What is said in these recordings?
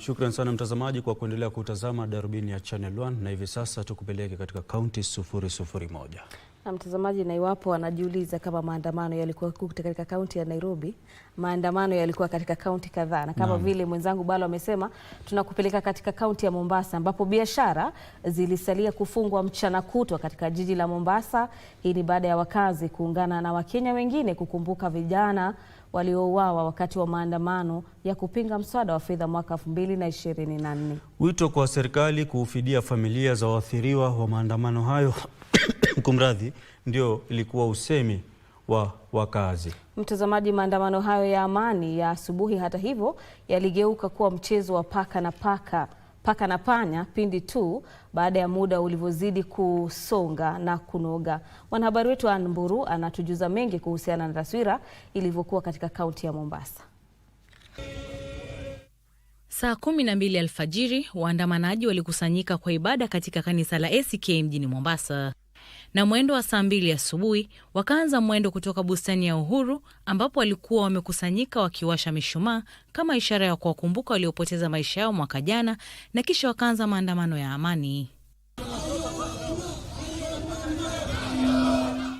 Shukran sana mtazamaji kwa kuendelea kutazama darubini ya Channel 1 na hivi sasa tukupeleke katika kaunti 001. Na mtazamaji, na iwapo anajiuliza kama maandamano yalikuwa katika kaunti ya Nairobi, maandamano yalikuwa katika kaunti kadhaa, na kama vile mwenzangu Balo amesema, tunakupeleka katika kaunti ya Mombasa ambapo biashara zilisalia kufungwa mchana kutwa katika jiji la Mombasa. Hii ni baada ya wakazi kuungana na Wakenya wengine kukumbuka vijana waliouawa wakati wa maandamano ya kupinga mswada wa fedha mwaka 2024. Wito kwa serikali kuufidia familia za waathiriwa wa maandamano hayo kumradhi, ndio ilikuwa usemi wa wakazi. Mtazamaji, maandamano hayo ya amani ya asubuhi, hata hivyo, yaligeuka kuwa mchezo wa paka na paka paka na panya pindi tu baada ya muda ulivyozidi kusonga na kunoga. Mwanahabari wetu Ann Mburu anatujuza mengi kuhusiana na taswira ilivyokuwa katika kaunti ya Mombasa. Saa kumi na mbili alfajiri waandamanaji walikusanyika kwa ibada katika kanisa la ACK mjini Mombasa na mwendo wa saa mbili asubuhi wakaanza mwendo kutoka bustani ya Uhuru ambapo walikuwa wamekusanyika wakiwasha mishumaa kama ishara ya kuwakumbuka waliopoteza maisha yao mwaka jana, na kisha wakaanza maandamano ya amani.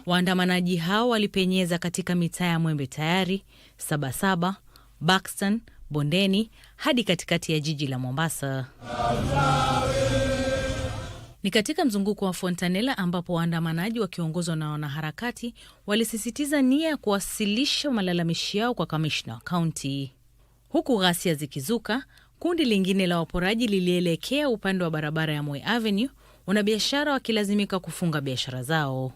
Waandamanaji hao walipenyeza katika mitaa ya Mwembe Tayari, Sabasaba, baxton Bondeni hadi katikati ya jiji la Mombasa. Ni katika mzunguko wa Fontanella ambapo waandamanaji wakiongozwa na wanaharakati walisisitiza nia ya kuwasilisha malalamishi yao kwa kamishna wa kaunti. Huku ghasia zikizuka, kundi lingine la waporaji lilielekea upande wa barabara ya Moi Avenue, wanabiashara wakilazimika kufunga biashara zao.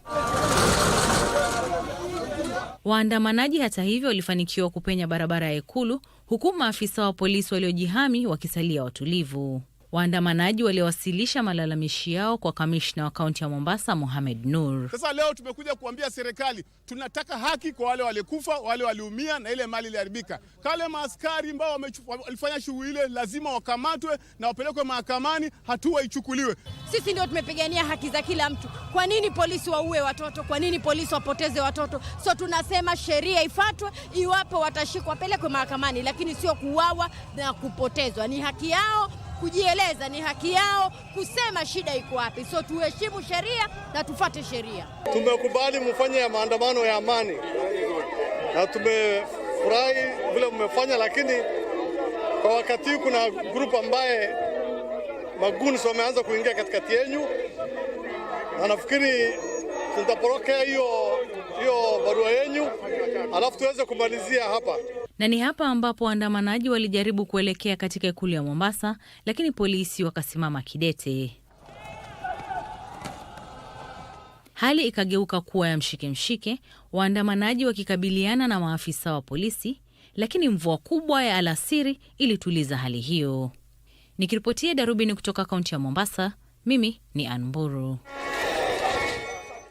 Waandamanaji hata hivyo walifanikiwa kupenya barabara ya Ikulu, huku maafisa wa polisi waliojihami wakisalia watulivu. Waandamanaji waliwasilisha malalamishi yao kwa kamishna wa kaunti ya Mombasa, Mohamed Nur. Sasa leo tumekuja kuambia serikali tunataka haki kwa wale walikufa, wale waliumia na ile mali iliharibika. Kale maaskari ambao walifanya shughuli ile lazima wakamatwe na wapelekwe mahakamani, hatua ichukuliwe. Sisi ndio tumepigania haki za kila mtu. Kwa nini polisi waue watoto? Kwa nini polisi wapoteze watoto? So tunasema sheria ifuatwe, iwapo watashikwa wapelekwe mahakamani, lakini sio kuuawa na kupotezwa. Ni haki yao kujieleza ni haki yao, kusema shida iko wapi. So tuheshimu sheria na tufate sheria. Tumekubali mfanye ya maandamano ya amani na tumefurahi vile mmefanya, lakini kwa wakati huu kuna grupu ambaye maguns wameanza kuingia katikati yenu, na nafikiri tutaporokea hiyo hiyo barua yenu, alafu tuweze kumalizia hapa. Na ni hapa ambapo waandamanaji walijaribu kuelekea katika ikulu ya Mombasa, lakini polisi wakasimama kidete. Hali ikageuka kuwa ya mshike mshike, waandamanaji wakikabiliana na maafisa wa polisi, lakini mvua kubwa ya alasiri ilituliza hali hiyo. Nikiripotia darubini kutoka kaunti ya Mombasa, mimi ni Anburu.